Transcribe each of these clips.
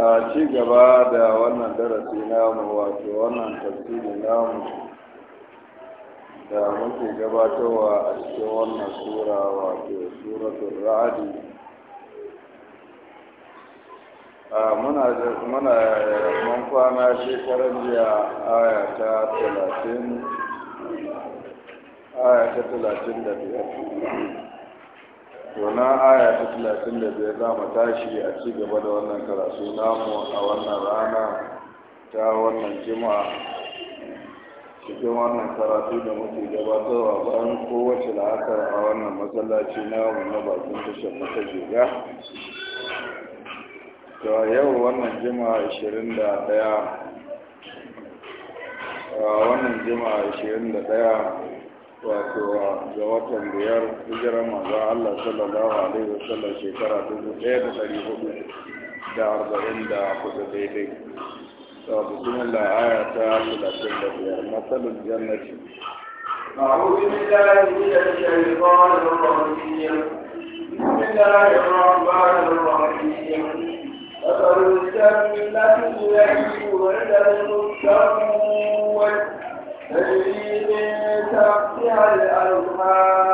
a ci gaba da wannan darasi namu wato wannan tafsiri namu da muke gabatarwa a cikin wannan sura wato suratul ra'adi a muna muna mun kwana shekaran jiya aya ta talatin aya ta talatin da biyar tona aya ta talatin da biyar za mu tashi a ci gaba da wannan karatu namu a wannan rana ta wannan jima'a cikin wannan karatu da muke gabatarwa bayan kowace la'akar a wannan masallaci namu na bakin tashar mata jiga to yau wannan jima'a ashirin da ɗaya wannan jima'a ashirin da ɗaya wato ga watan biyar hijirar manzon Allah sallallahu alaihi wasallam shekara dubu ɗaya da ɗari hudu da arba'in da kusa daidai بسم الله آية بيار مثل الجنة أعوذ بالله من الشيطان الرجيم بسم الله الرحمن الرحيم مثل الجنة التي وعد المتقون تجري من ترقيها الألوان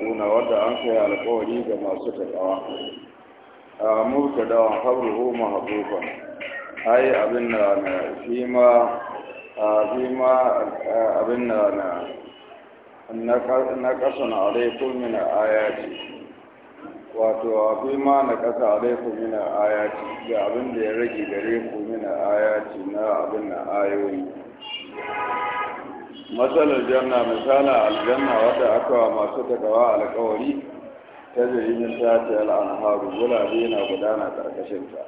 muttaquna wanda an kai alƙawari ga masu takawa a mubtada wa habruhu mahbufan ai abin na na fima ma abin na na na kasan alaikum min ayati wato ma na kasa alaikum min ayati ga abin da ya rage gare ku min ayati na abin na ayoyi matsalar janna misala aljanna wata aka wa masu takawa alkawari ta jirimin ta ce al'anharu gulabe na gudana ƙarƙashinta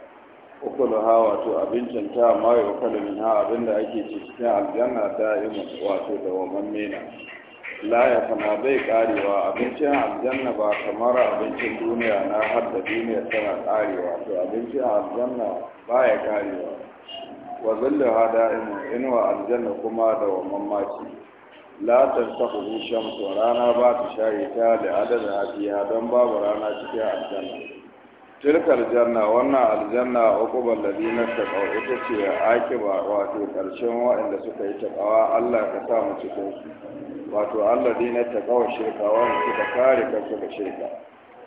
ukulu ha to abincin ta mayo kalmin ha abinda ake ci cikin aljanna ta yi wato da wa mena laya kama bai karewa abincin aljanna ba kamar abincin duniya na har da duniya tana karewa to abincin aljanna ba ya karewa wa zallaha da'imun inuwa aljanna kuma da wannan maci la tantahu shamsu rana ba ta shaye ta da adana hafiya don babu rana cikin aljanna tilka aljanna wannan aljanna uqubal ladina taqaw ita ce akiba wato karshen waɗanda suka yi taqawa Allah ka sa mu cikin su wato ta taqaw shirka wa suka kare kansu da shirka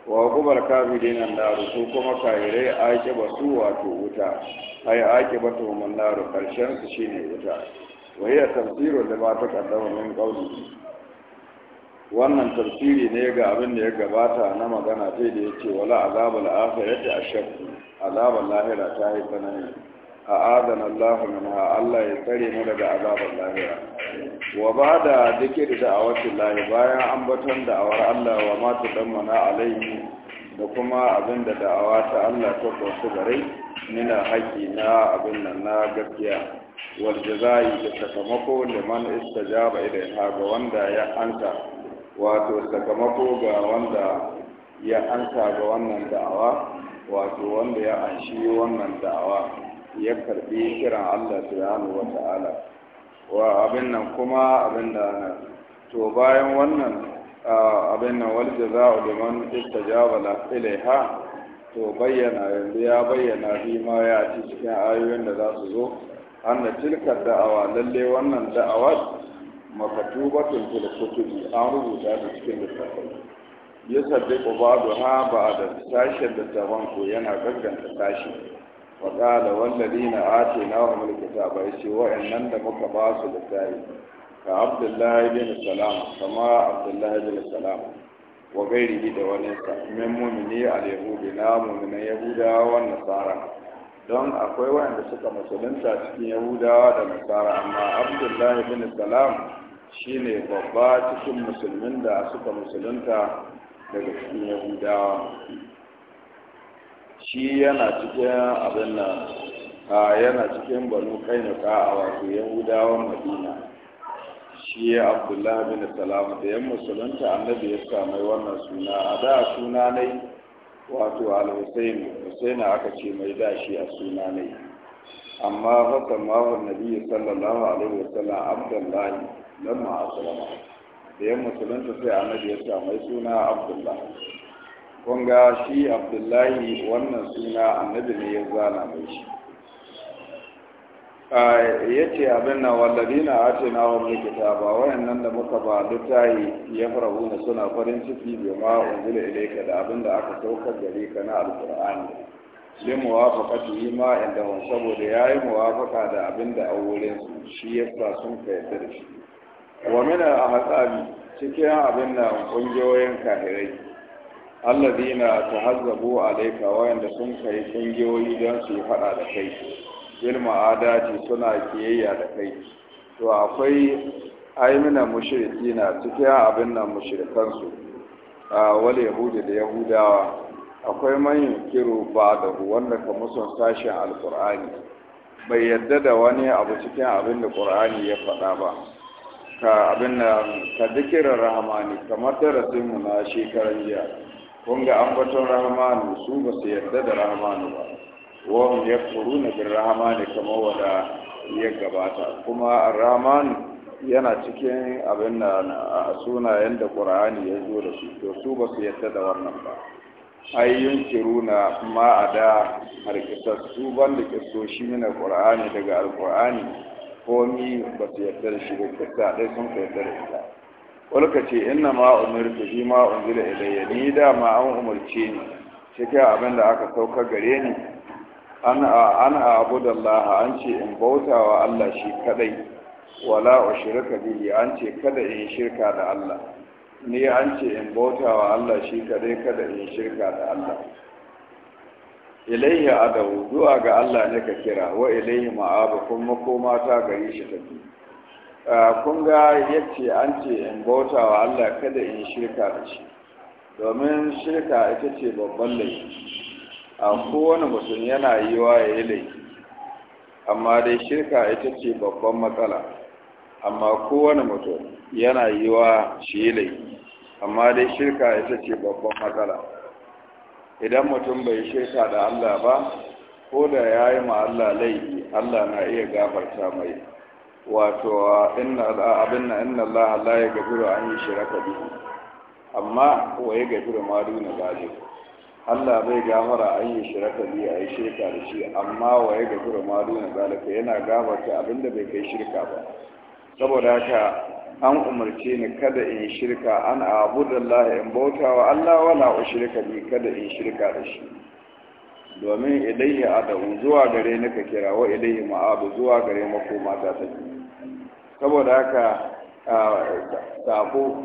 wa uqubal kafirin nan da su kuma kafirai akiba su wato wuta ay bata mu mallaru, karshen su shine wuta Waye ya tafsiru da ba ta kaddama min qawli wannan tafsiri ne ga abin da ya gabata na magana sai da yace wala azabul akhirati ashaq azabul lahira ta yi tsanani a adan Allah ha Allah ya tsare mu daga azabul lahira wa ba'da da da'awati lahi bayan an da da'awar Allah wa ma tudammana alaihi da kuma abin da da'awa ta Allah ta kosu gare nina haƙƙi na abin nan na gaskiya wadda za yi da sakamako liman istajaba ilaiha ga wanda ya ansa wato sakamako ga wanda ya ansa ga wannan da'awa wato wanda ya anshi wannan da'awa ya karbi kiran Allah subhanahu wata'ala wa abin nan kuma abin da to bayan wannan abin nan wal jaza'u liman istajaba ilaiha to bayyana yanzu ya bayyana fi ma ya ci cikin ayoyin da za su zo anna tilkar da'awa lalle wannan da'awa makatubatun fil kutubi an rubuta ta cikin littafai ya sabbi ubadu ha ba da sashen littafan ko yana gagganta sashi wa mulki walladina atainahum alkitaba yace wa'annan da muka ba su littafi ka abdullahi bin salama kama abdullahi bin salama wa gairihi da wani min mumini al-yahudi na muminan yahudawa wa nasara don akwai wanda suka musulunta cikin yahudawa da nasara amma abdullahi bin salam shine babba cikin musulmin da suka musulunta daga cikin yahudawa shi yana cikin abin nan yana cikin banu kainuka a wato yahudawan madina shi ya Abdullahi bin salam da yan musulunta annabi ya samai wannan suna a da suna nai, wato al-husain husain aka ce mai da shi a suna nai. amma fata mawar nabi sallallahu alaihi wasallam abdullahi lamma asalama. da yan musulunta sai annabi ya samai suna abdullah kun ga shi abdullahi wannan suna annabi ne ya zana mai shi ya ce abin na wallabi na ake na wani likita ba wayan nan da muka ba littahi ya farahu na suna farin ciki bai ma unzila ilaika da abin da aka saukar gare ka na alkur'ani sai muwafaka yi ma inda wani saboda ya yi muwafaka da abin da a wurin su shi ya sa sun ka yarda da shi wa mina a hatsari cikin abin na ƙungiyoyin kahirai allazina tahazzabu alaika wayanda sun kai ƙungiyoyi don su yi faɗa da kai ilma adaci suna kiyayya da kai to akwai aimina mushriki na cikin abin nan mushrikansu a wal yahudi da yahudawa akwai manyan kiro ba da wanda ka musun sashen alkur'ani bai yadda da wani abu cikin abin da qur'ani ya faɗa ba ka abin da ka dikira rahmani kamar darasin mu na shekaran jiya kun ga ambaton rahmani su ba su yadda da rahmani ba wahum yakfuruna bir ne kamar wada ya gabata kuma ar-rahman yana cikin abin da sunayen da qur'ani ya zo da shi to su ba su yadda da wannan ba ai yunkiruna ma ada harkisar su ban da shi ne qur'ani daga alqur'ani komi ba su yadda da shi ba kisa dai sun yadda da ita walka ce inna ma da shi ma da ilayya ni da ma an umarce ni cikin abin da aka sauka gare ni abu da abudallah an ce in bautawa Allah shi kadai wala shirka bihi an ce kada in shirka da Allah ni an ce in bautawa Allah shi kadai kada in shirka da Allah ilayhi adawu zuwa ga Allah ne ka kira wa ilayhi ma'abu kun makoma ta gari shi tafi kun ga yace an ce in bautawa Allah kada in shirka da shi domin shirka ita ce babban laifi a kowane mutum yana yi wa ya yi laifi amma dai shirka ita ce babban matsala amma kowane mutum yana yi wa shi yi laifi amma dai shirka ita ce babban matsala idan mutum bai shirka da Allah ba ko da ya yi ma Allah laifi Allah na iya gafarta mai wato inna abin na inna Allah la ya gafiru an yi shirka bihi amma wa ya gafiru ma duna zalika Allah bai gafara an yi shirka bi a yi shirka da shi amma wa ya gafi rumadu na zalika yana abin abinda bai kai shirka ba saboda haka an umarci ni kada in shirka an abu da Allah in bauta wa Allah wala shirka bi kada in shirka da shi domin ilayhi adamu zuwa gare ni ka kira wa ilayhi ma'abu zuwa gare makoma ta take saboda haka sabo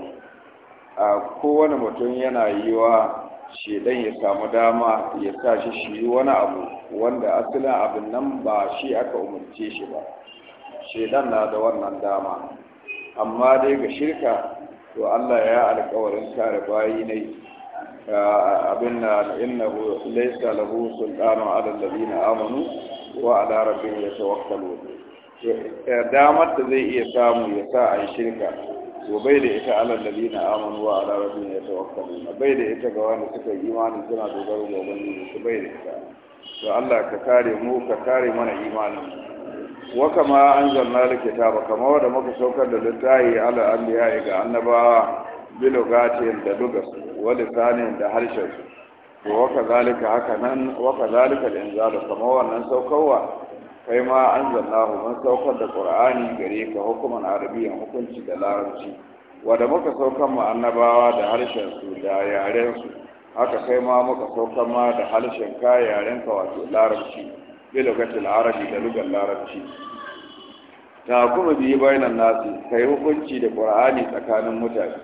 kowane mutum yana yi wa shedan ya samu dama ya sa shi shi wani abu wanda asalin abin nan ba shi aka umarce shi ba shedan na da wannan dama amma dai ga shirka to Allah ya alƙawarin kare bayi ne ah, abin na innahu laysa lahu sultanu ala alladhina amanu wa ala rabbihim yatawakkalun eh, damar da zai iya samu ya sa ayi shirka to bai da ita alal ladina amanu wa ala rabbihim yatawakkalun bai da ita ga wani suka yi imani suna dogaro ga ubangiji su bai da ita to Allah ka kare mu ka kare mana imani wa kama anzalna alkitaba kama wanda muka saukar da littafi ala anbiya ga annabawa bilugatin da lugas wa lisanin da harshen su to wa kazalika haka nan wa kazalika al-inzalu kama wannan saukarwa kai ma an zannahu mun saukar da qur'ani gare ka hukuman arabiyan hukunci da larabci wanda muka saukar mu annabawa da harshen su da yaren su haka kai ma muka saukar ma da harshen ka yaren ka wato larabci bi lokacin arabi da lugar larabci ta kuma biyi bainan nasi kai hukunci da qur'ani tsakanin mutane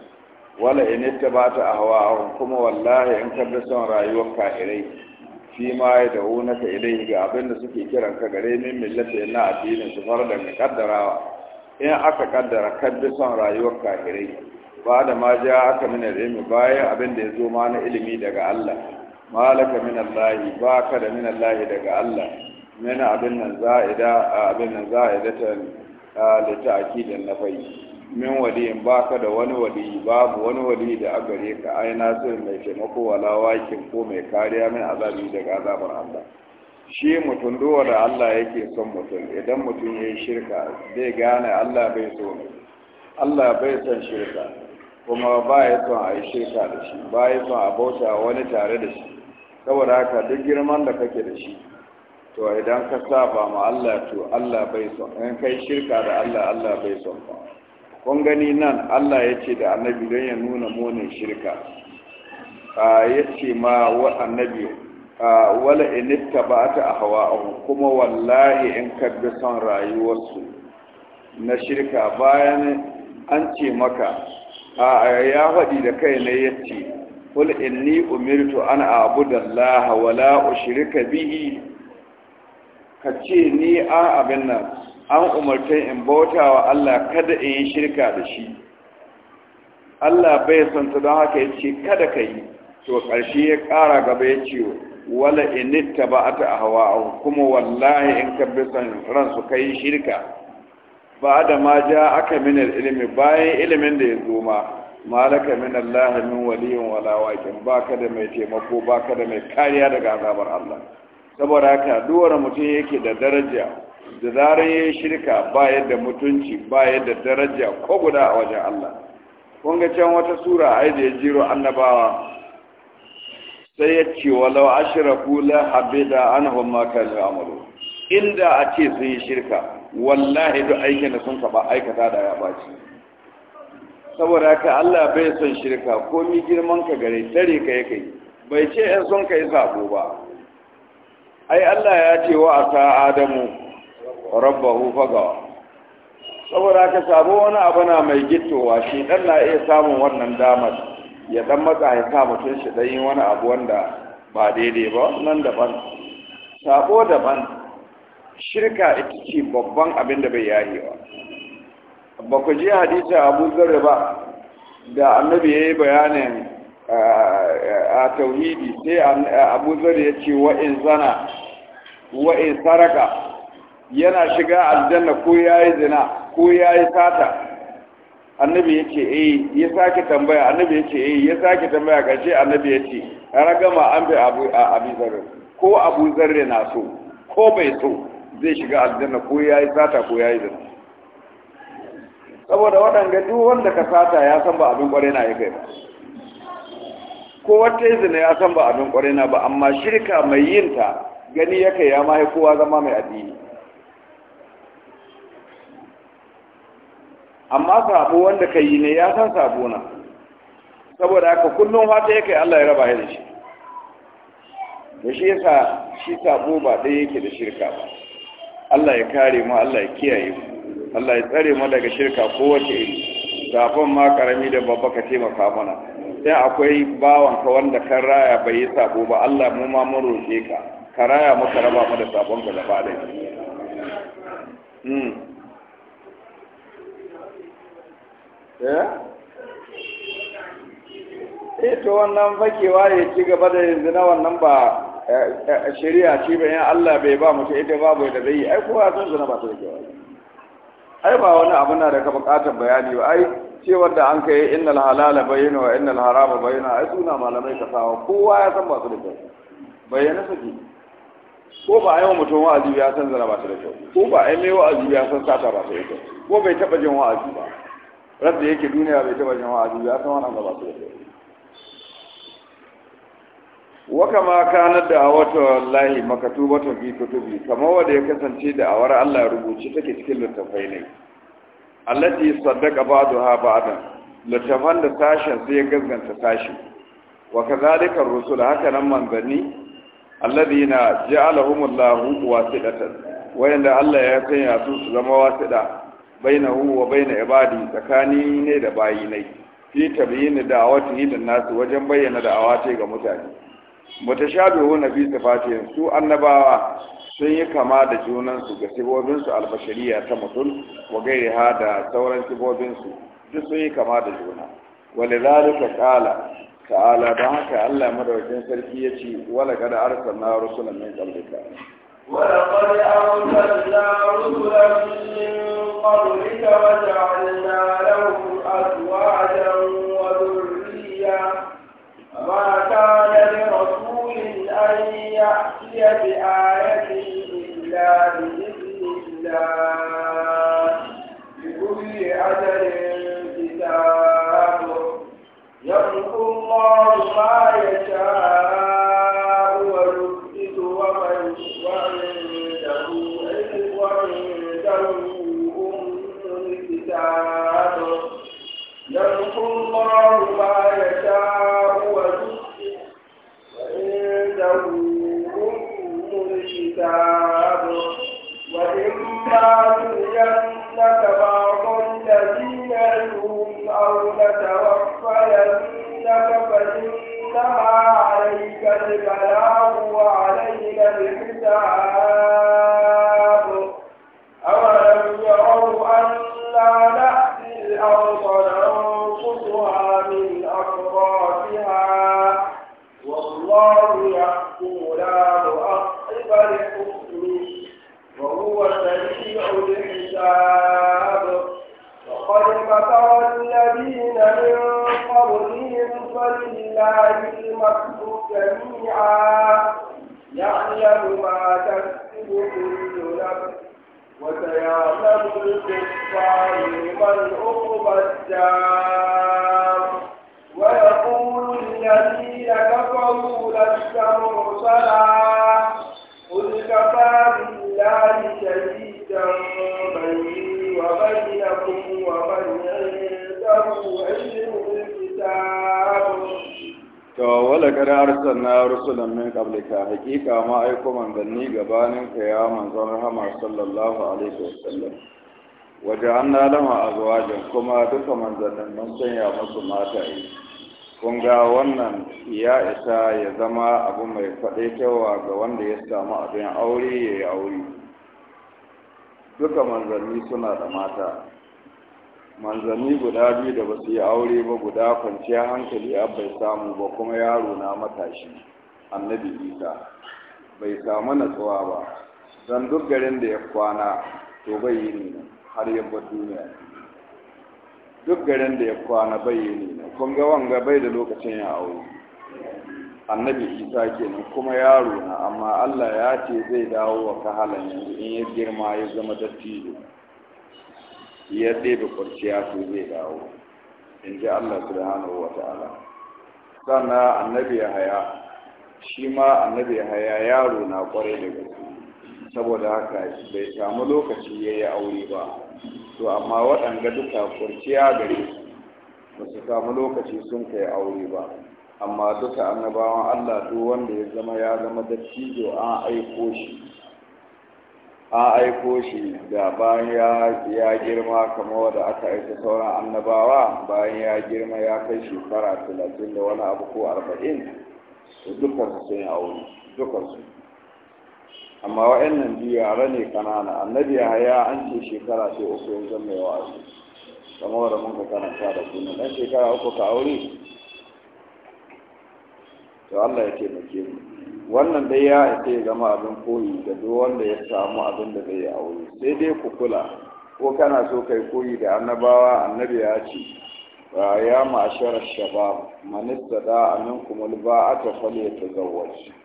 wala in a ahwa'ahum kuma wallahi in da son rayuwar kafirai Shi ma ya dawo na ka ilai ga abin da suke kiran ka gare min millata na addinin su fara da kaddarawa in aka kaddara kaddi son rayuwar kafirai ba da ma ja aka min mu bayan abin da ya zo ma na ilimi daga Allah malaka min Allah ba ka da min Allah daga Allah min abin nan za'ida abin nan za'idatan da ah, akidan nafai min waliyin ka da wani waliyi babu wani waliyi da aka gare ka ai nasir mai taimako wala wakin ko mai kariya min azabi daga azabar Allah shi mutum duwa da Allah yake son mutum idan mutum ya yi shirka zai gane Allah bai so ne Allah bai son shirka kuma ba ya son a yi shirka da shi ba ya son a bauta wani tare da shi saboda haka duk girman da kake da shi to idan ka saba ma Allah to Allah bai son in kai shirka da Allah Allah bai son ba kun gani nan Allah ya ce da annabi don ya nuna munin shirka ya ce ma wa annabi wala initta ba ta a hawa kuma wallahi in ka bi son rayuwarsu na shirka bayan an ce maka ya faɗi da kai na ya ce kul inni umirtu an da Allah wala ushrika bihi ka ce ni a abin nan an umarta in bauta wa Allah kada in yi shirka da shi Allah bai son ta don haka ya ce kada ka yi to ƙarshe ya ƙara gaba ya ce wala inita ba a ta hawa kuma wallahi in ka bi son ransu ka yi shirka ba da ma ja aka min ilimi bayan ilimin da ya zo ma malaka min Allah min waliyin wala waqin ba ka mai taimako ba ka mai kariya daga azabar Allah saboda haka duwar mutum yake da daraja da zarar ya shirka ba yadda mutunci ba yadda daraja ko guda a wajen Allah kun ga can wata sura ai da ya jiro annabawa sai ya ce walau ashraku la habida anhum ma kan amalu inda a ce sun yi shirka wallahi duk aikin da sun kaba aikata da ya baci saboda haka Allah bai son shirka ko mi girman ka gare tare ka yake bai ce in sun kai sabo ba ai Allah ya ce wa asa adamu rabbahu fagawa saboda ka samu wani abu na mai gittowa shi dan na iya samun wannan damar ya dan matsa ya sa mutum shi dan yin wani abu wanda ba daidai ba nan daban sabo daban shirka ita ce babban abin da bai yayewa ba Ba ku ji hadisi abu zarra ba da annabi ya yi bayanin a tauhidi sai abu zarra ya ce wa'in zana wa'in saraka yana shiga aljanna ko yayi zina ko yayi sata annabi ce eh ya sake tambaya annabi ce eh ya sake tambaya kace annabi yace ragama an bi abu abi zarr ko abu zarr na so ko bai so zai shiga aljanna ko yayi sata ko yayi zina saboda waɗanda duk wanda ka sata ya san ba abin kware na ya kai ba ko wata zina ya san ba abin kware na ba amma shirka mai yinta gani yake ya mahi kowa zama mai addini amma sabo wanda ka yi ne ya san sabo na saboda haka kullum fata ya kai Allah ya raba shi da shi yasa shi sabo ba ɗaya yake da shirka ba Allah ya kare mu Allah ya kiyaye mu Allah ya tsare mu daga shirka kowace iri safon ma karami da babba ka taimaka mana sai akwai bawanka wanda kan raya bai yi sabo ba Allah mu ma mun roƙe ka ka raya maka raba mu da sabon ka gaba ɗaya hmm. Eh? eh to wannan fakewa ya ci gaba da yanzu na wannan ba eh, eh, shari'a ce yan Allah bai ba mutu ita babu da zai yi ai kowa san zina ba ta da kewa ai ba wani abu na da ka bukatar bayani ba ai cewar da an kai innal halala bayyana wa innal harama bayyana ai suna malamai ka sawa kowa ya san ba su da kyau bayyana suke ko ba ai mutum wa'azi ya san zina ba ta da kyau ko ba ai mai wa'azi ya san sata ba ta da kyau ko bai taba jin wa'azi ba rabbi yake duniya bai taba jama'a duniya ya san wannan gaba su da wa kama kanar da wallahi makatubatu fi kutubi kamar wanda ya kasance da awar Allah ya rubuce take cikin littafai ne allati saddaqa ba'daha ba'dan littafan da sashen sai ya gaskanta sashi wa kazalika ar-rusul haka nan manzanni alladina ja'alahumullahu wasitatan wayanda Allah ya sanya su su zama wasita Baina wa baina ibadi tsakani ne da bayi ne fi tabyin da'awati lin nasu wajen bayyana da ce ga mutane mutashabihu nabi sifatihin su annabawa sun yi kama da junansu ga sibobinsu albashariya ta mutum wa gairi ha da sauran sibobinsu duk sun yi kama da juna wale zalika kala ta'ala don haka allah madaukin sarki ya ce wala kada arsalna rusulan min qablika wala qad arsalna rusulan min قبلك وجعلنا لهم أزواجا وذرية ما كان لرسول أن يأتي بآية إلا بإذن الله لكل أجل كتابه يمحو الله ما يشاء الله ما يشاء ويؤتي وعنده الكتاب وإما نرينك بعض الذين نعدهم أو نتوفينك فإنما عليك البلاغ وعلينا الحساب أولم يروا أنا نأتي الأرض وهو سريع الحساب وقد مكر الذين من قبلهم فلله المكر جميعا يعلم ما تكسب كل نفس وسيعلم الكفار من عقبى ويقول الذين كفروا لست مرسلا وكفى بالله شهيدا بيني وبينكم ومن عنده علم الكتاب To, wala kada arsan na rusulan min kablika hakika ma aiko manzanni gabanin ka ya manzon rahama sallallahu alaihi wasallam waje an na lama azwajin kuma duka manzannin mun sanya musu mata yi kun ga wannan ya isa ya zama abu mai kyauwa ga wanda ya samu abin aure ya yi aure duka manzanni suna da mata manzanni guda biyu da ba su yi aure ba guda kwanciya hankali a bai samu ba kuma yaro na matashi annabi isa bai samu natsuwa ba don duk garin da ya kwana to bai yi ne har yabba duniya duk garin da ya kwana bayyane ne kun ga wanga bai da lokacin ya aure annabi isa nan kuma yaro na amma allah ya ce zai dawo wa kahalan yanzu in ya girma ya zama dattijo ya ɗebe kwanciya su zai dawo in ji allah subhanahu wa ta'ala sannan annabi ya haya shi ma annabi ya haya yaro na kwarai da gaske saboda haka bai samu lokaci ya yi aure ba to amma waɗanda duka kurciya gare su ba su samu lokaci sun kai aure ba amma duka annabawan Allah duk wanda ya zama ya zama dattijo an aiko shi an aiko shi da bayan ya girma kamar wadda aka aika sauran annabawa bayan ya girma ya kai shekara talatin da wani abu ko arba'in su dukansu sun yi aure dukansu. amma wa'annan biyu yara ne kanana annabi haya an ce shekara sai uku ya zama mai wa'azi kamar mun kakana sa da suna dan shekara uku ka aure to Allah ya taimake mu wannan dai ya ake zama abin koyi da duk wanda ya samu abin da zai aure sai dai ku kula ko kana so kai koyi da annabawa annabi ya ce ya ma'ashara shabab man aka minkum ya ta falyatazawwaj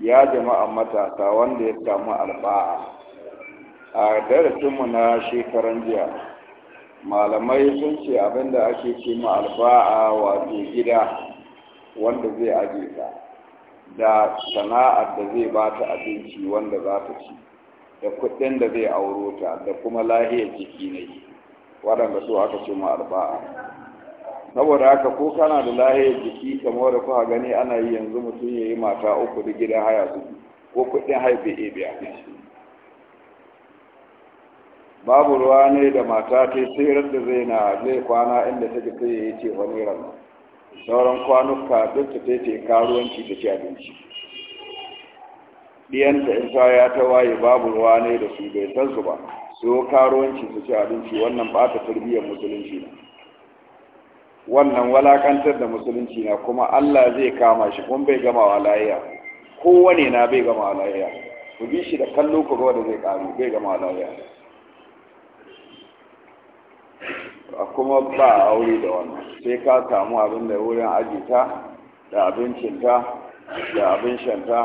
ya jama'a matasa wanda ya samu alba'a a darasinmu na shekaran jiya malamai sun ce abinda ake ce ma alba'a wato gida wanda zai aje ta da sana'ar da zai ba ta abinci wanda za ta ci da kuɗin da zai auro ta da kuma lahiyar jiki ne waɗanda su aka ce ma alba'a saboda haka ko kana da lahiyar jiki kamar da kuka gani ana yi yanzu mutum ya yi mata uku da gidan haya su ko kuɗin haife iya biya babu ruwa ne da mata ta yi sirar da zai na zai kwana inda take sai ya yi ce wani ran sauran kwanuka duk ta ce ta karuwanci ta ci abinci ɗiyanta in sa ya ta waye babu ruwa ne da su bai san su ba su karuwanci su ci abinci wannan ba ta tarbiyyar musulunci ne wannan walakantar da musulunci na kuma Allah zai kama shi kun bai gama wa layiya kowane na bai gama wa layiya ku bi shi da kallo ku ga wanda zai karu bai gama wa layiya kuma ba a aure da wannan sai ka samu abin da wurin ajita da abincinta da abin shanta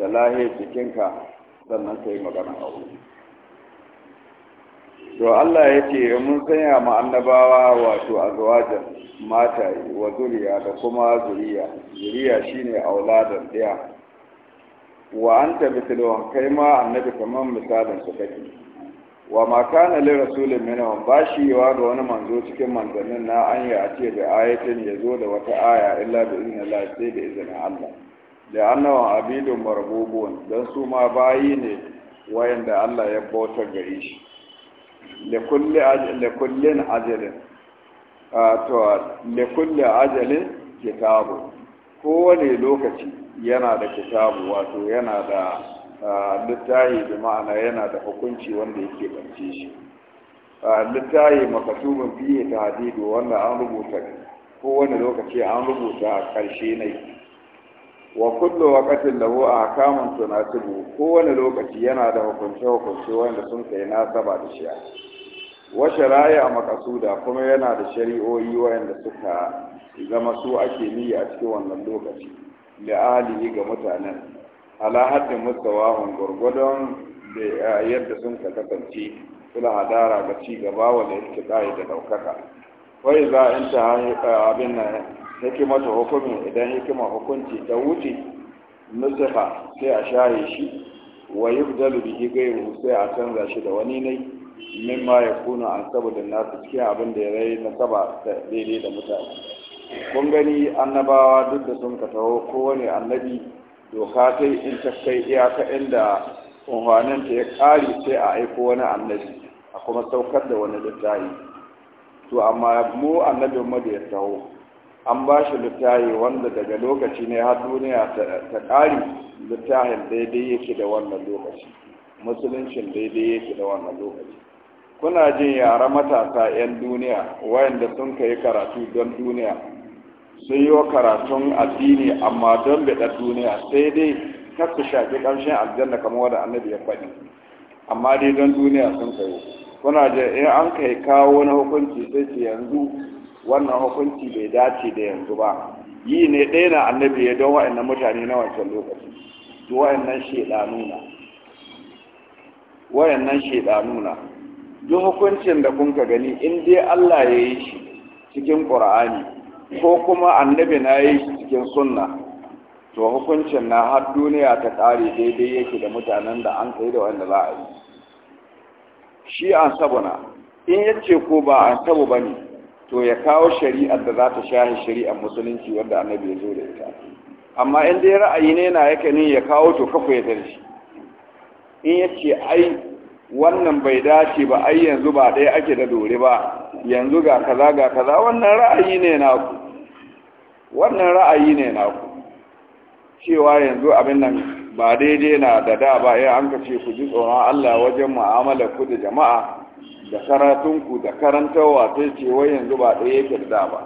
da lahiyar jikinka sannan ka yi magana wuri. to Allah ya ce mun sanya ma annabawa wato azwajan mata wa zuriya da kuma zuriya zuriya shine auladan daya wa anta mithluhum kai ma annabi kaman misalin su kake wa ma kana li rasulin minhum bashi yawa ga wani manzo cikin manzannin na an ya ce da ayatin ya zo da wata aya illa bi iznillah sai da izinin Allah da annawan abidun marbubun dan su ma bayi ne wayanda Allah ya bautar gare shi lekullin ajalin to lekullin ajalin kitabu kowane lokaci yana da kitabu wato yana da littahi da ma'ana yana da hukunci wanda yake bance shi littahi makasubin fiye ta hadidu wanda an rubuta kowane lokaci an rubuta karshe na wa kullu waqatin lahu ahkamun tunasibu kowane lokaci yana da hukunce hukunce wanda sun kai nasaba da shi wa shari'a maqsuda kuma yana da shari'o'i wanda suka zama su ake niyya a cikin wannan lokaci da alihi ga mutanen ala haddin mustawahun gurgudun da yadda sun ka kasance kula hadara ga ci gaba wanda yake da daukaka wai za a abin nan ta hukumi idan hikima hukunci ta wuce nusifa sai a share shi wa yubdalu bihi ghayru sai a canza shi da wani ne ya kuna an saboda nasu cikin abin da ya rai na saba daidai da mutane kun gani annabawa duk da sun kataho taho kowane annabi doka ta in ta kai iyaka inda ta ya kare sai a aiko wani annabi a kuma saukar da wani littafi to amma mu annabin mu da ya taho an ba shi littahi wanda daga lokaci ne har duniya ta ƙari littahin daidai yake da wannan lokaci musuluncin daidai yake da wannan lokaci kuna jin yara matasa 'yan duniya wayanda sun kai karatu don duniya sun yi wa karatun addini amma don biɗar duniya sai dai kar su shafi ƙamshin aljanna kamar wanda annabi ya faɗi amma dai don duniya sun kai kuna jin in an kai kawo na hukunci sai ce yanzu wannan hukunci bai dace da yanzu ba yi ne ɗaya na annabi ya don wa'annan mutane na wancan lokaci to wa'annan shaidanu na wa'annan shaidanu na duk hukuncin da kun ka gani in dai Allah ya yi shi cikin Qur'ani ko kuma annabi na yi shi cikin sunna to hukuncin na har duniya ta ƙare daidai yake da mutanen da an kai da wanda za a yi shi an sabuna in yace ko ba an sabu bane to ya kawo shari'ar da za ta shahi shari'ar musulunci wanda annabi ya zo da ita amma in dai ra'ayi ne na yake ne ya kawo to kafa ya darshi in ya ce ai wannan bai dace ba ai yanzu ba ɗaya ake da dore ba yanzu ga kaza ga kaza wannan ra'ayi ne naku wannan ra'ayi ne naku cewa yanzu abin nan ba daidai na da da ba ya eh, an ka ku ji tsoron Allah wajen mu'amala ku da jama'a da karatunku da karantarwa ta ce wai yanzu ba ɗaya yake da da ba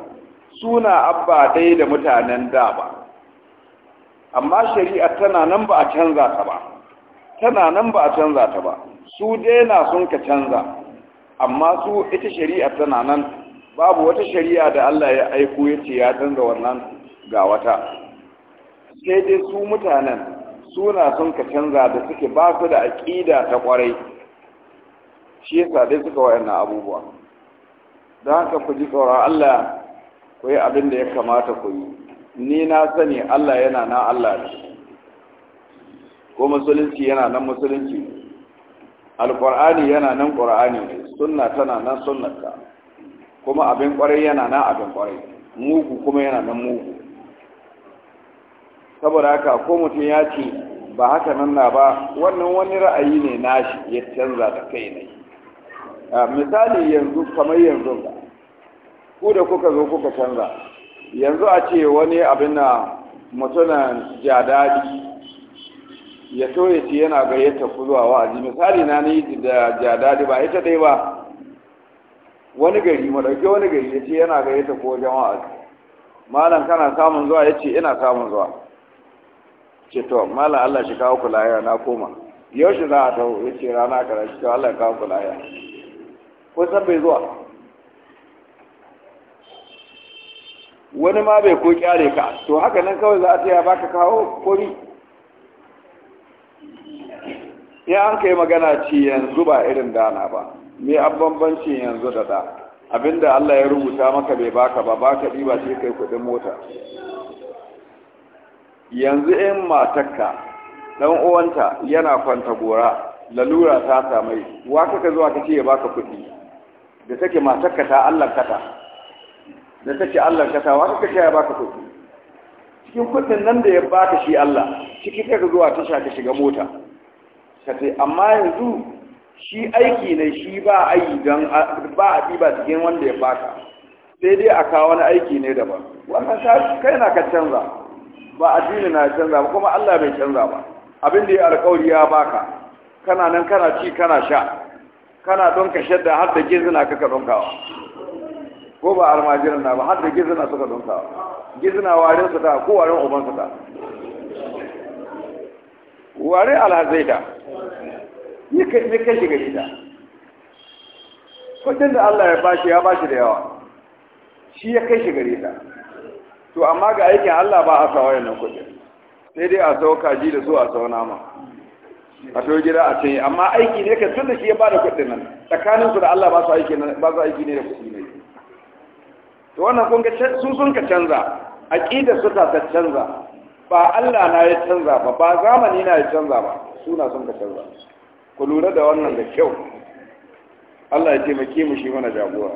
suna abba ɗaya da mutanen da ba amma shari'a tana nan ba a canza ta ba tana nan ba a canza ta ba su daina sun ka canza amma su ita shari'a tana nan babu wata shari'a da Allah ya aiko ya ce ya canza wannan ga wata sai dai su mutanen suna sun ka canza da suke ba su da aƙida ta ƙwarai shi yasa dai suka wayanna abubuwa don haka ku ji tsoron Allah ku yi abin da ya kamata ku yi ni na sani Allah yana na Allah ne ko musulunci yana nan musulunci alqur'ani yana nan qur'ani ne sunna tana nan sunnata kuma abin kwarai yana nan abin kwarai mugu kuma yana nan mugu saboda haka ko mutum ya ce ba haka nan na ba wannan wani ra'ayi ne nashi ya canza da kai ne misali yanzu kamar yanzu ku da kuka zo kuka canza yanzu a ce wani abin na mutunan jadadi ya so ya ce yana gayyata ku zuwa wa'azi misali na ni da jadadi ba ita dai ba wani gari madauke wani gari ya ce yana gayyata ku wajen wa'azi malam kana samun zuwa ya ce ina samun zuwa ce to malam Allah shi kawo kulaya na koma yau shi za a taho ya ce rana kara shi kawo Allah kawo kulaya? ko san bai zuwa wani ma bai ko kyale ka to haka nan kawai za a taya baka kawo kori ya an kai magana ci yanzu ba irin dana ba me an bambanci yanzu da da abinda Allah ya rubuta maka bai baka ba baka diba sai kai kuɗin mota yanzu in matakka dan uwanta yana kwanta gora lalura ta samai wa kaka zuwa kace ya baka kuɗi da take matar ta Allah kata da take Allah kata wa kake ce ya baka kuɗi cikin kuɗin nan da ya baka shi Allah ciki ka zuwa tasha ka shiga mota ka amma yanzu shi aiki ne shi ba ai don ba a ba cikin wanda ya baka sai dai a kawo wani aiki ne daban wannan kai na ka canza ba addini na canza ba kuma Allah bai canza ba abin da ya alƙawari ya baka kana nan kana ci kana sha kana don ka shadda har da gizina ka donkawa ko ba almajirin na ba har da gizina suka donkawa gizina warin su ta ko warin uban su ta ware alhazaida ni kai shiga gida kudin da Allah ya bashi ya bashi da yawa shi ya kai shiga gida to amma ga aikin Allah ba a sa wayannan kudin sai dai a sau kaji da su a sau nama a to gida a ce amma aiki ne ka tunda shi ya bada kuɗi nan tsakanin su da Allah ba su aiki ne ba su aiki ne da kuɗi ne to wannan kun ga su sun ka canza aqida su ta ta canza ba Allah na ya canza ba ba zamani na ya canza ba suna sun ka canza ku lura da wannan da kyau Allah ya taimake mu shi mana jagora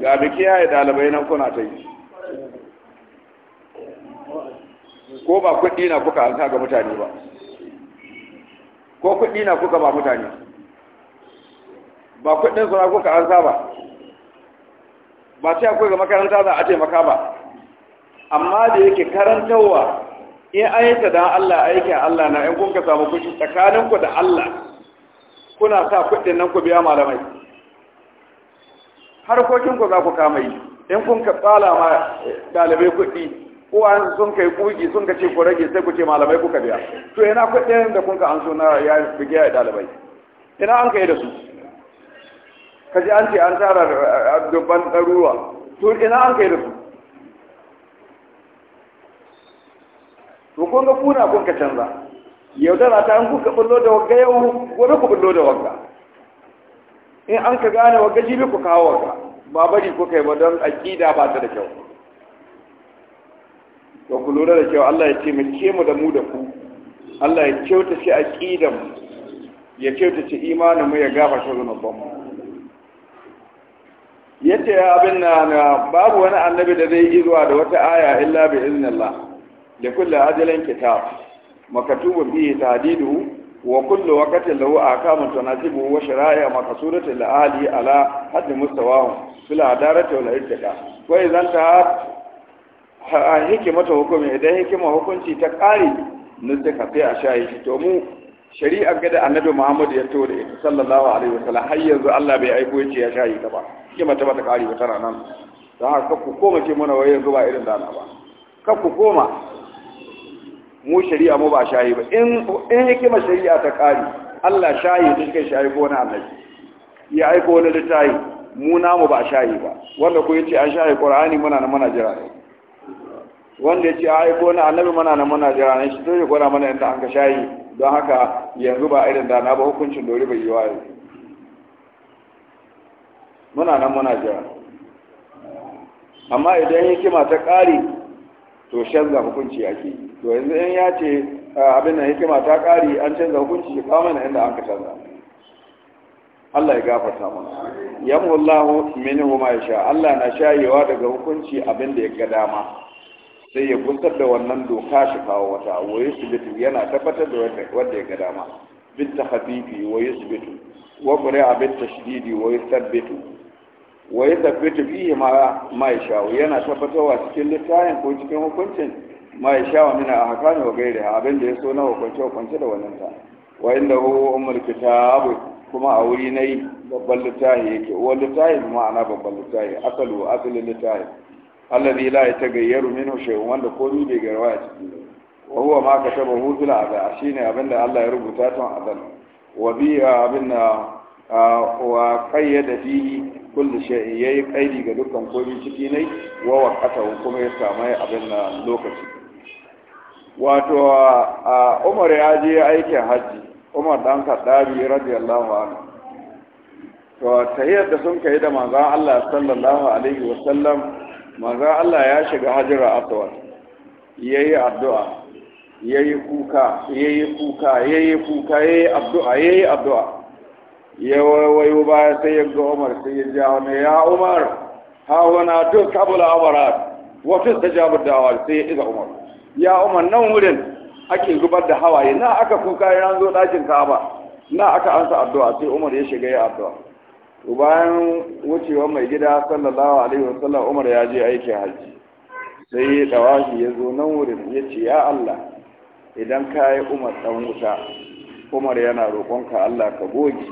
ga biki yayi dalibai nan kuna ta yi ko ba kuɗi na kuka alka ga mutane ba ko kuɗi na kuka ba mutane ba kuɗin suna kuka an saba ba sai akwai ga makaranta za a taimaka ba amma da yake karantarwa in an yi ta don Allah aikin Allah na in kun ka samu kuɗi tsakaninku da Allah kuna sa kuɗin nan ku biya malamai harkokinku za ku kama yi in kun ka tsala ma ɗalibai kuɗi kowa sun kai kugi sun ka ce ku rage sai ku ce malamai kuka biya to yana kuɗin da kun ka an so na ya bige ya dalibai ina an kai da su ka ji an ce an tara dubban ɗaruruwa to ina an kai da su to kun ga kuna kun ka canza da ta an kuka bullo da wagga yau gobe ku bullo da wagga in an ka gane wagga jibi ku kawo wagga ba bari ku kai ba don aƙida ba ta da kyau wa ku lura da cewa Allah ya taimake mu da mu da ku Allah ya kyauta shi aqidan ya kyauta shi imanin mu ya gafa gafarta zunuban mu yace abin na babu wani annabi da zai izuwa da wata aya illa bi iznillah da kullu ajalin kitab makatubu bi tadidu wa kullu waqtin lahu ahkamun tunasibu wa shara'i maqsudatin li ala hadd mustawahu fil adarati wal irtiqa wa idan ta A hikimata hukumi idan hikima hukunci ta ƙare nuzuka sai a shayi shi to mu shari'ar gada annabi Muhammad ya to da ita sallallahu alaihi wasallam har yanzu Allah bai aiko ya ce ya shayi ta ba hikimata ba ta ƙare ba tana nan don haka ku koma ce mana wai yanzu ba irin dana ba kar ku koma mu shari'a mu ba shayi ba in in hikima shari'a ta ƙare Allah shayi ne kai shayi ko wani annabi ya aiko wani littafi mu namu ba shayi ba wanda ko yace an shayi Qur'ani muna nan muna jira ne wanda ya ce a aiko na annabi mana nan muna jira ne shi dole gwada mana inda an ka shayi don haka yanzu ba irin da na ba hukuncin dole bai yi wa yanzu muna nan muna jira amma idan hikima ta ƙari to canza hukunci ake to yanzu in ya ce abin nan hikima ta ƙari an canza hukunci shi kama na inda an ka canza Allah ya gafarta mana yamullahu minhu ma yasha Allah na shayewa daga hukunci abin da ya ga dama sai ya gusar da wannan doka shi kawo wata wa yusbitu yana tabbatar da wanda ya ga dama bin tahfifi wa yusbitu wa qira'a bin tashdidi wa yuthabbitu wa yuthabbitu fihi ma ma yasha yana tabbatarwa cikin littafin ko cikin hukuncin ma yasha wa haka ne wa ghairiha abin da so na hukunci hukunci da wannan ta wa inda huwa umar kitabu kuma a wuri yi babban littafi yake wa littafi ma'ana babban littafi asalu asalin littafi allazi la yatagayyaru minhu shay'un wanda komai bai garwa a cikin da wa huwa ma katabahu shi azab shine abinda Allah ya rubuta tun azal wa bi da wa qayyada fihi kullu shay'in yayi qaidi ga dukkan komai ciki ne wa waqata kuma ya samu abin da lokaci wato Umar ya je aikin haji Umar dan Khattabi radiyallahu anhu to tayyar da sun kai da manzon Allah sallallahu alaihi wasallam maza Allah ya shiga hajjira aswad ya yi addu'a ya yi kuka ya yi kuka ya yi kuka ya yi addu'a ya yi addu'a ya wayo baya sai ya ga umar sai ya ji wani ya umar ha wana duk kabula amarat wata ta jabar awar sai ya iza umar ya umar nan wurin ake zubar da hawaye na aka kuka ya zo ɗakin kaba na aka ansa addu'a sai umar ya shiga ya addu'a to bayan wucewa mai gida sallallahu alaihi wasallam umar ya je aikin Haji. sai ya shi ya zo nan wurin ya ce ya Allah idan ka yi umar dan wuta umar yana roƙonka Allah ka goge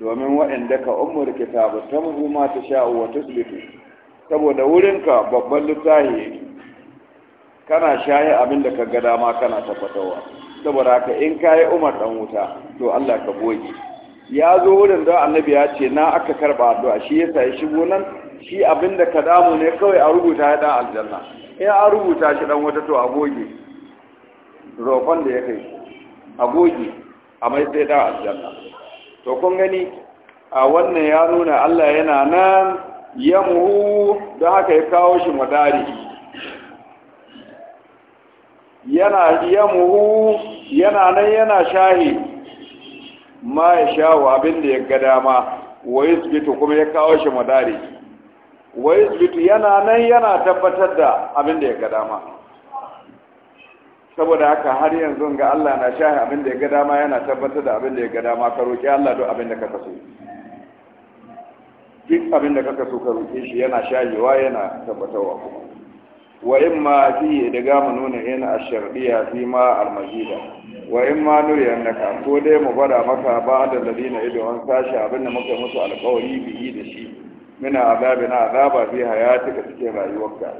domin waɗanda ka umar kitabu ta ma ta sha'u wa tusbitu saboda wurinka babban littafi kana shaye abin da ka ga dama kana tabbatawa saboda haka in ka yi umar dan wuta to Allah ka goge ya zo wurin da annabi ya ce na aka karba addu'a shi yasa ya shigo nan shi abinda ka damu ne kawai a rubuta ya dan aljanna in an rubuta shi dan wata to a roƙon da ya kai a goge a mai sai dan aljanna to kun gani a wannan ya nuna Allah yana nan yamhu da haka ya kawo shi madari yana yamhu yana nan yana shahi ma ya wa abin da ya ga dama wa yusbitu kuma ya kawo shi madari wa yusbitu yana nan yana tabbatar da abin da ya ga dama saboda haka har yanzu ga Allah na sha abin da ya ga dama yana tabbatar da abin da ya ga dama ka roki Allah duk abin da ka kaso duk abin da kaka so ka roke shi yana shayewa yana tabbatarwa kuma wa in ma fi da gama nuna yana a sharbiya fi ma almajida wa in ma nuriya naka ko dai mu gwada maka ba da ladina ido a sashi abin da muka musu alkawari biyi da shi muna azabi na azaba fi hayatika cikin rayuwarka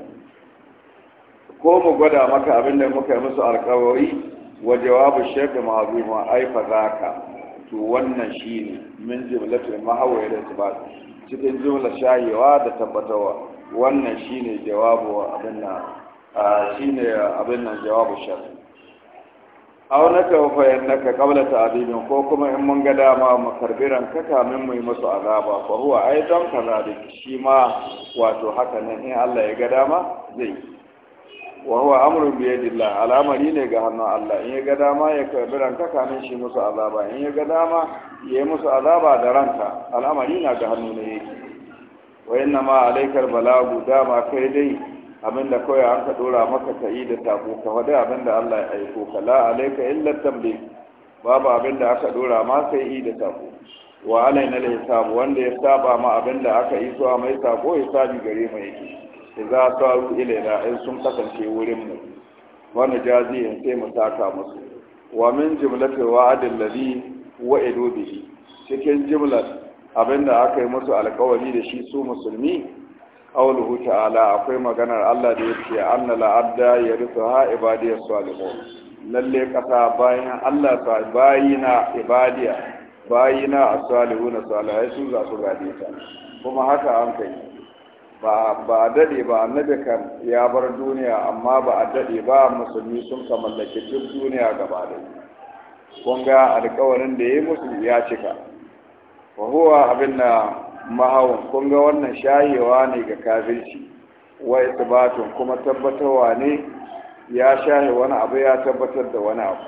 ko mu gwada maka abin da muka musu alkawari wa jawabu shekka ma'azuma ai fa zaka to wannan shine min jumlatul mahawaya da tabati cikin jumla shayewa da tabbatawa wannan shine jawabu abin nan shine abin nan jawabu shar aw ka fa yannaka qabla ta'dibin ko kuma in mun ga dama mu karbiran ka kamin mu yi musu azaba fa huwa aidan da shi ma wato haka nan in Allah ya ga dama zai wa huwa amrun bi yadillah al'amari ne ga hannun Allah in ya ga dama ya karbi ranka kamin shi musu azaba in ya ga dama ya yi musu azaba da ranka al'amari na ga hannu ne yake wa inna ma alaikar balagu dama kai dai abin da kawai an ka dora maka ta yi da tabo ka faɗi abin da Allah ya aiko ka la alaika illa tamlik babu abin da aka dora ma kai yi da tabo wa alaina da wanda ya saba ma abin da aka yi so a mai sako hisabi gare mu yake idza qalu ilaina in sun kasance wurin mu wa in sai mu saka musu wa min jumlati wa'adil ladhi wa'idu bihi cikin jumlar abinda aka yi musu alkawari da shi su musulmi qawluhu ta'ala akwai maganar Allah da yake anna la'adda yarithuha ibadiyas salihun lalle kasa bayan Allah ta bayina ibadiya bayina as-salihun salihai su za su gade ta kuma haka an kai ba a dade ba annabi kan ya bar duniya amma ba a dade ba musulmi sun ka mallaki duk duniya gaba da kun ga alkawarin da ya musu ya cika wa huwa abin na mahawun kun ga wannan shayewa ne ga kafirci wa isbatun kuma tabbatarwa ne ya shaye wani abu ya tabbatar da wani abu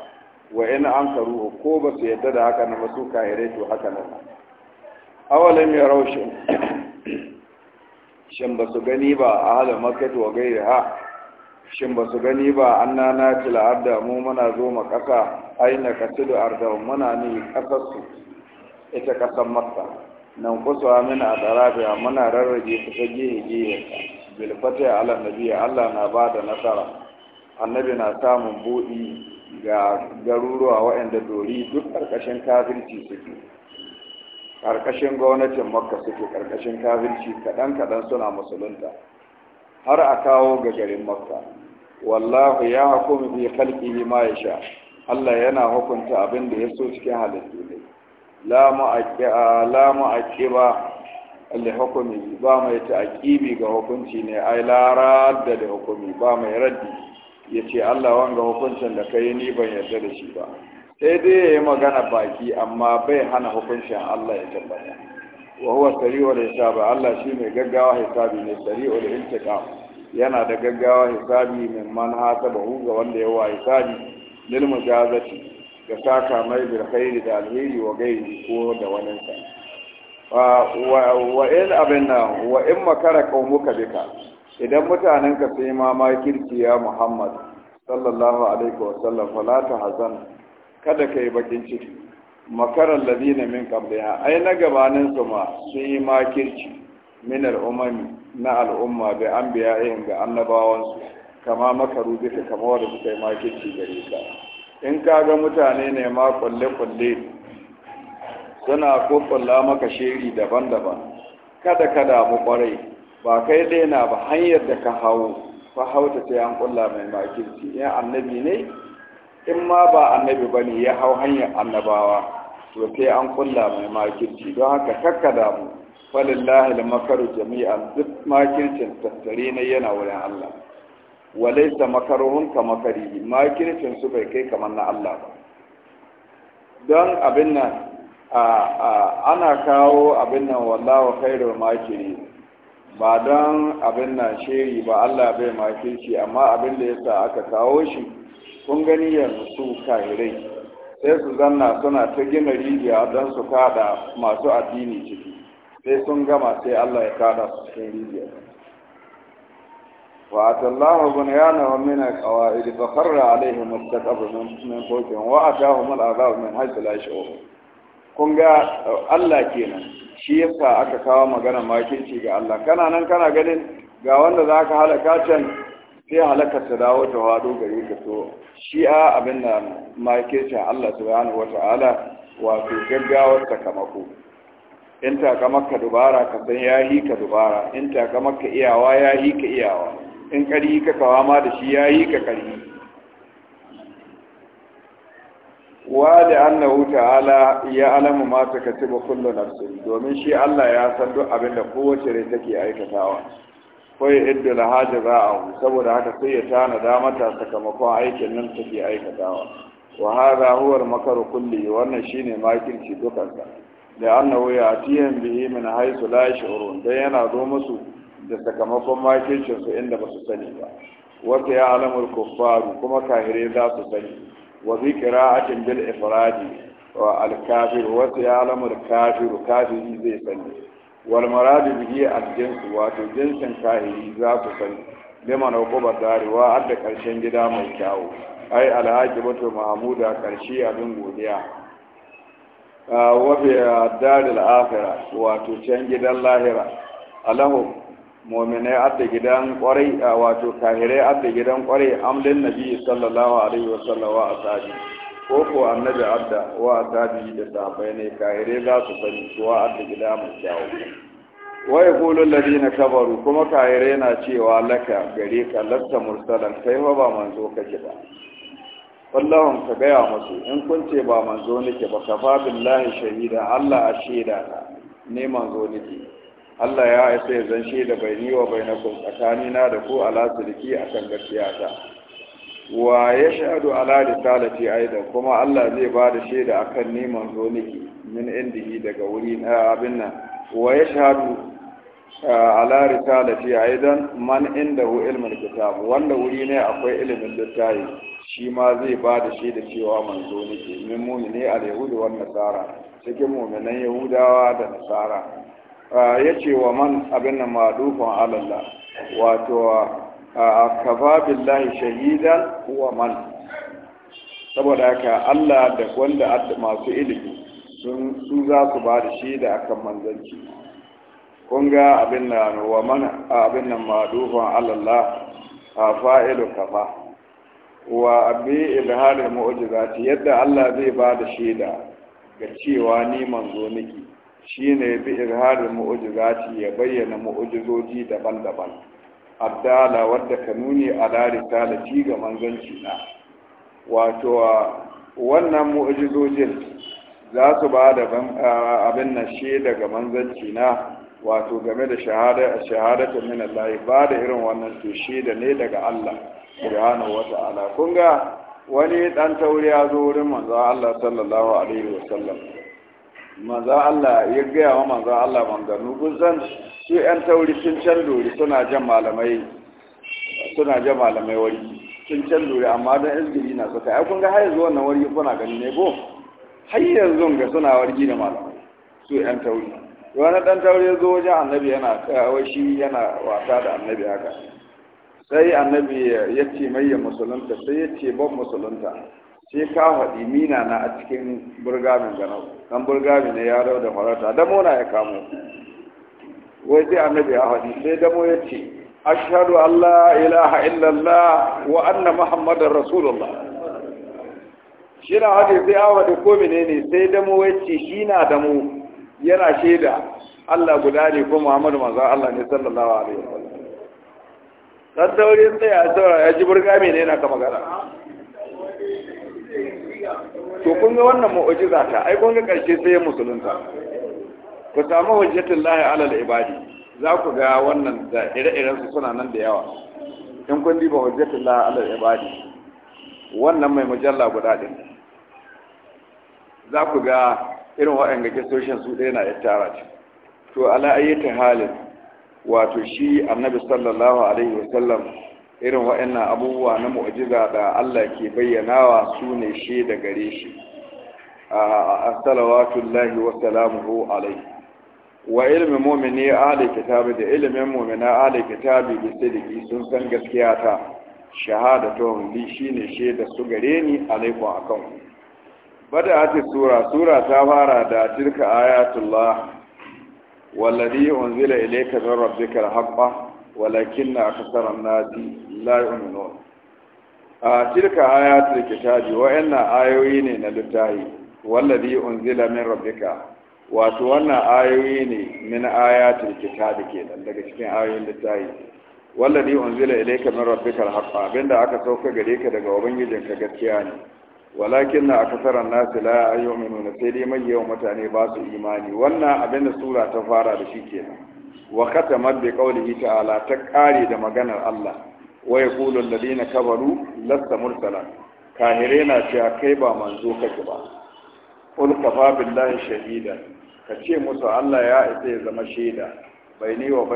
wa in an karu ko ba su yadda da haka na masu kahirai to haka nan awalam ya shin ba su gani ba a halin makat wa gairi ha shin ba su gani ba an nana la'adda mu muna zo ma ƙasa aina da arda muna ni ƙasarsu ita ƙasar makka nan kusa min a tsarafiya muna rarrage su ta gehe gehe bilfata ya ala nabi allah na ba da nasara annabi na samun buɗi ga garuruwa waɗanda dori duk ƙarƙashin kafirci suke ƙarƙashin gwamnatin makka suke ƙarƙashin kafirci kaɗan-kaɗan suna musulunta har a kawo ga garin makka wallahu ya hukumi bi khalqihi ma yasha Allah yana hukunta abin da ya so cikin halittu ne la mu'aqqiba la mu'aqqiba hukumi ba mai ta'qibi ga hukunci ne ai la radda da hukumi ba mai raddi yace Allah wanga hukuncin da kai ni ban yarda da shi ba sai dai ya yi magana baki amma bai hana hukuncin Allah ya tabbata wa huwa da hisab Allah shi mai gaggawa hisabi ne sari'ul intiqam yana da gaggawa hisabi min man hasabahu ga wanda ya wa hisabi lil mujazati ga saka mai bil khairi da alheri wa gairi ko da wannan sai wa in abinna wa in makara qaumuka bika idan mutanen ka sai ma ma kirkiya Muhammad sallallahu alaihi wa sallam fala tahzan kada ka yi bakin ciki makarar ladina min qabliha ai na gabanin su ma sun yi makirci min al'umami na al'umma bi anbiya'ihim ga annabawansu kama makaru bika kama wanda suka yi makirci gare ka in ka ga mutane ne ma kulle-kulle suna kulla maka shiri daban-daban kada ka damu kwarai ba kai dai na ba hanyar da ka hau fa hauta sai an kulla mai makirci in annabi ne in ma ba annabi ba ne ya hau hanyar annabawa to sai an kulla mai makirci don haka kakka mu falillahi da makaru jami'an duk makircin tattare na yana wurin Allah walaisa makaruhun ka makari makircin su bai kai kamar na Allah ba don abin nan ana kawo abin nan wallawa khairul makiri ba don abin nan shiri ba Allah bai makirci amma abin da yasa aka kawo shi kun gani yanzu su kahirai sai su zanna suna ta gina rijiya don su kada masu addini ciki sai sun gama sai Allah ya kada su cikin rijiya wa atallahu wa min alqawaid fa kharra alayhi mustaqab min fawqihim wa atahum al'adab min haythu la yash'urun kun ga Allah kenan shi yasa aka kawo magana makinci ga Allah kana nan kana ganin ga wanda zaka halaka can sai halaka ta dawo ta hado gare ka to shi a abin da makircin Allah subhanahu wata'ala wato gaggawar sakamako in ka dubara ka san ya yi ka dubara in ka iyawa ya yi ka iyawa in kari ka kawa ma da shi ya yi ka kari wa da annahu ta'ala ya alamu ma ta ba kullu nafsin domin shi Allah ya san duk abin da kowace rai take aikatawa kawai idda da hajji ra'ahu saboda haka sai ya tanada mata sakamakon aikin nan take aikatawa wa hadha huwa al-makaru kulli wannan shine makirci dukansa da annahu ya'tihim bihi min haythu la yash'urun dan yana zo musu da sakamakon makircin su inda basu sani ba wata ya alamul kuffaru kuma kahire za su sani wa fi qira'atin bil ifradi wa al-kafir wata ya alamul kafiru kafiri zai sani wal maradu bihi al jinsu wato jinsin kahiri za su sani liman uquba darewa har da karshen gida mai kyawu ai bato mahmuda karshe abin godiya wa bi daril akhirah wato can gidan lahira alahu mominai adda gidan kwarai wato kahirai adda gidan kwarai amlin nabi sallallahu alaihi wasallam wa ashabi ko annabi adda wa tabi da sahabbai ne kahire za su sani suwa adda gida mu kyawu wa yaqulu alladhina kafaru kuma kahire na cewa laka gare ka lasta mursalan kai ba manzo kake ba wallahu ka gaya musu in kun ce ba manzo nake ba kafa billahi shahida Allah a shaida ne manzo nake Allah ya aise zan shaida bai ni wa bainakum tsakanina da ku ala sulki akan gaskiya ta wa ya shaɗu ala talafi aida kuma Allah zai ba da shaida akan neman zo niki min indihi daga wuri na eh, abin nan wa ya shaɗu eh, ala talafi aida man inda hu ilmin kitab wanda wuri ne akwai ilimin littafi shi ma zai ba da shaida cewa man zo niki min mu'mini al-yahud wa nasara cikin mu'minan yahudawa da nasara eh, ya ce wa man abin nan madufan alallah wato kafa billahi shahidan huwa man saboda haka Allah da wanda masu ilimi sun su za su ba da shaida akan manzanci kun ga abin nan wa man abin nan madufan Allah fa'ilu kafa wa abi ilhadul mu'jizati yadda Allah zai ba da shaida ga cewa ni manzo niki shine bi ilhadul mu'jizati ya bayyana mu'jizoji daban-daban addala wadda ka nuni da ci ga manzanci na wato wannan mu'jizojin za su ba da abin nan she daga manzanci na wato game da shahada shahadatu min Allah ba da irin wannan to da ne daga Allah subhanahu wata'ala kun ga wani dan tauriya zo wurin manzo Allah sallallahu alaihi wasallam manzo Allah ya gaya wa manzo Allah manganu guzan su ƴan tauri sun can dori suna jan malamai suna jan malamai wari sun can dori amma don izgiri na suka ai kun ga har yanzu wannan wari kuna gani ne ko har yanzu ga suna wargi da malamai su ƴan tauri wani dan tauri ya zo wajen annabi yana kawai eh, shi yana wasa da annabi haka sai annabi ya ce mai musulunta sai ya ce ban musulunta sai ka haɗi mina na a cikin burgamin ganau kan burgamin ne ya rau da farauta damo na ya kamo wai sai annabi ya haɗi sai damo ya ce ashadu allah la ilaha illallah wa anna muhammadar rasulullah shi na haɗe sai awa da ko ne sai damo ya ce shi na damo yana shaida Allah guda ne ko Muhammadu manzo Allah ne sallallahu alaihi wasallam dan daure tsaya saura ya ji burgami ne yana ka magana to kun ga wannan mu'jiza ta ai kun ga karshe sai ya musulunta ku samu hujjatul lahi al ibadi za ku ga wannan da ire-iren su suna nan da yawa in kun diba hujjatul lahi al ibadi wannan mai mujalla guda din za ku ga irin ga kisoshin su ɗaya na ya tara ce to ala ayyata halin wato shi annabi sallallahu alaihi wasallam irin waɗannan abubuwa na mu'jiza da Allah ke bayyanawa su ne shi da gare shi a salawatullahi wa salamuhu alaihi wa ilmin mu'mini ahli kitabi da ilmin mu'mina ahli kitabi bi sidiki sun san gaskiya ta shahadatuhum li shine shaida su gare ni alaikum akan bada ati sura sura ta fara da tilka ayatullah والذي أنزل إليك من ربك الحق walakin na الناس لا يؤمنون nun a tilka ayatul kitabi wa'annan ayoyi ne na littafi wallazi unzila min rabbika wato wannan ayoyi ne min ayatul daga cikin ayoyin littafi wallazi unzila ilayka min rabbika alhaq abinda aka sauka gare ka daga ka gaskiya ne walakin na akasarar nasu la ayyuminuna sai dai mai yawan mutane ba su imani wannan abinda sura ta fara da shi kenan wa khatamat bi qawlihi ta'ala ta kare da maganar Allah wa yaqulu alladhina kabaru lasta Murtala? kahire na cewa kai ba manzo kake ba qul kafa billahi shahida ka ce musu Allah ya isa ya zama shaida Bai baini wa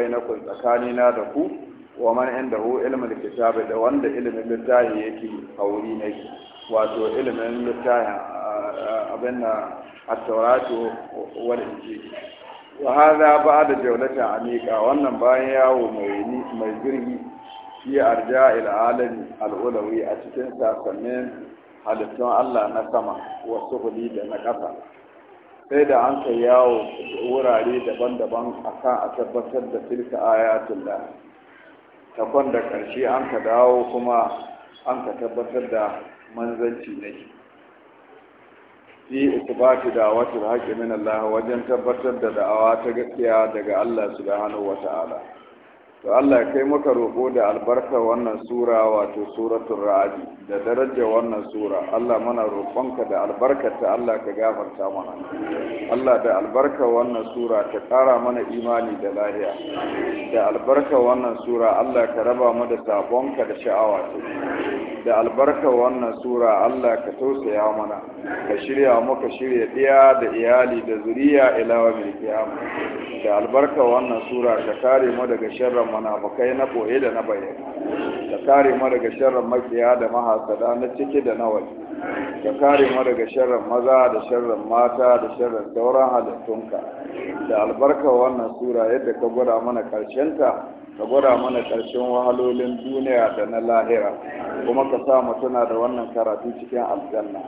tsakani na da ku wa man hu ilmi kitabi da wanda ilimin littafi yake hauri ne wato ilmin littafin abin da at tawratu wal injili wa hada ba da jaulata amika wannan bayan yawo mai girgi fi arja alami al'ulawi a cikin sasannin halittun allah na sama wasu huli da na ƙasa sai da an kai yawo wurare daban-daban a kan a tabbatar da tilka ayatul da takwan da ƙarshe an ka dawo kuma an ka tabbatar da manzanci nake fi isbati da'watul haqqi min Allah wajen tabbatar da da'awa ta gaskiya daga Allah subhanahu wata'ala to Allah ya kai maka roƙo da albarka wannan sura wato suratul ra'd da daraja wannan sura Allah mana roƙonka da ta Allah ka gafarta mana Allah da albarka wannan sura ka ƙara mana imani da lahiya da albarka wannan sura Allah ka raba mu da sabonka da sha'awa da albarka wannan sura Allah ka tausaya mana ka shirya muka shirya ɗiya da iyali da zuriya ila wa da albarka wannan sura ka kare mu daga sharrin munafukai na boye da na bayyana ka kare mu daga sharrin makiya da mahasada na cike da na waje ka kare mu daga sharrin maza da sharrin mata da sharrin sauran halittunka da albarka wannan sura yadda ka gwada mana ta, ka gwada mana ƙarshen wahalolin duniya da na lahira kuma ka sa mu tuna da wannan karatu cikin aljanna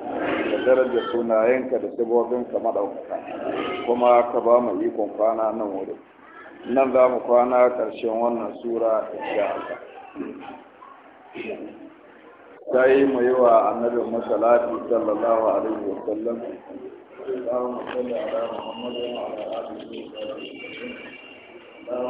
da daraja sunayenka da sabobinka madaukaka kuma ka ba mu ikon kwana nan wurin nan za mu kwana ƙarshen wannan sura insha Allah sai mu yi wa annabi masalati sallallahu alaihi wa sallam